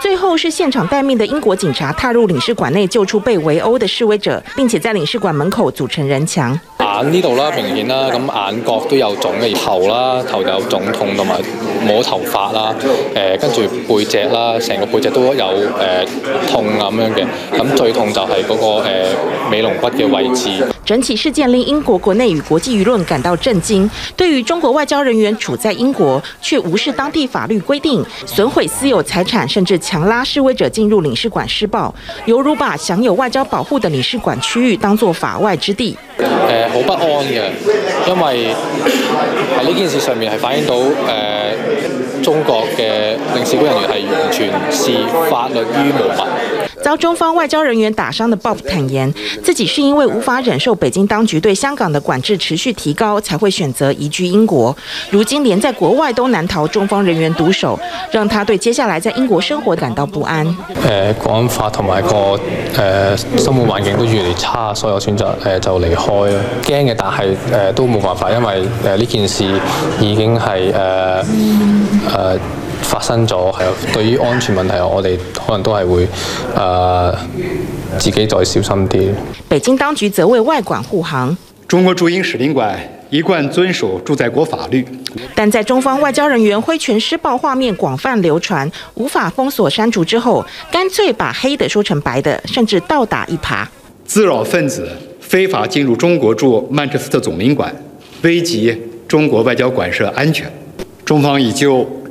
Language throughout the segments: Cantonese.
最後是現場待命的英國警察踏入領事館內救出被圍毆的示威者，並且在領事館門口組成人牆。眼，呢度啦，明顯啦，咁眼角都有腫嘅，頭啦頭有腫痛，同埋摸頭髮啦，誒，跟住背脊啦，成個背脊都有誒痛咁樣嘅。咁最痛就係嗰個誒尾龍骨嘅位置。整起事件令英國國內與國際輿論感到震驚。對於中國外交人員處在英國卻無視當地法律規定，損毀私有財產，甚至。強拉示威者進入領事館施暴，猶如把享有外交保護的領事館區域當作法外之地。誒、呃，好不安嘅，因為喺呢件事上面係反映到誒、呃，中國嘅領事館人員係完全視法律於無物。遭中方外交人員打傷的鮑勃坦言，自己是因為無法忍受北京當局對香港的管制持續提高，才會選擇移居英國。如今連在國外都難逃中方人員毒手，讓他對接下來在英國生活感到不安。誒、呃，國安法同埋個誒、呃、生活環境都越嚟越差，所以我選擇誒、呃、就離開。驚嘅，但係誒、呃、都冇辦法，因為誒呢、呃、件事已經係誒誒。呃嗯發生咗，係對於安全問題，我哋可能都係會誒、呃、自己再小心啲。北京當局則為外館護航。中國駐英使領館一貫遵守駐在國法律。但在中方外交人員揮拳施暴畫面廣泛流傳，無法封鎖刪除之後，乾脆把黑的說成白的，甚至倒打一耙。滋擾分子非法進入中國駐曼徹斯特總領館，危及中國外交館舍安全。中方已就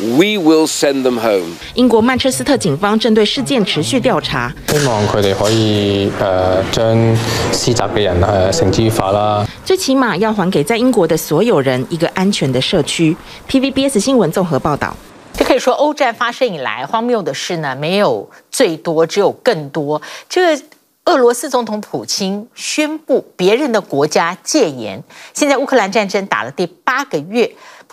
We will send them home. 英國曼徹斯特警方正對事件持續調查。希望佢哋可以誒、呃、將施襲嘅人誒繩之以法啦。最起碼要還給在英國的所有人一個安全的社區。PVBS 新聞綜合報道。這可以說，歐戰發生以來，荒謬的事呢，沒有最多，只有更多。這俄羅斯總統普京宣佈別人的國家戒嚴，現在烏克蘭戰爭打了第八個月。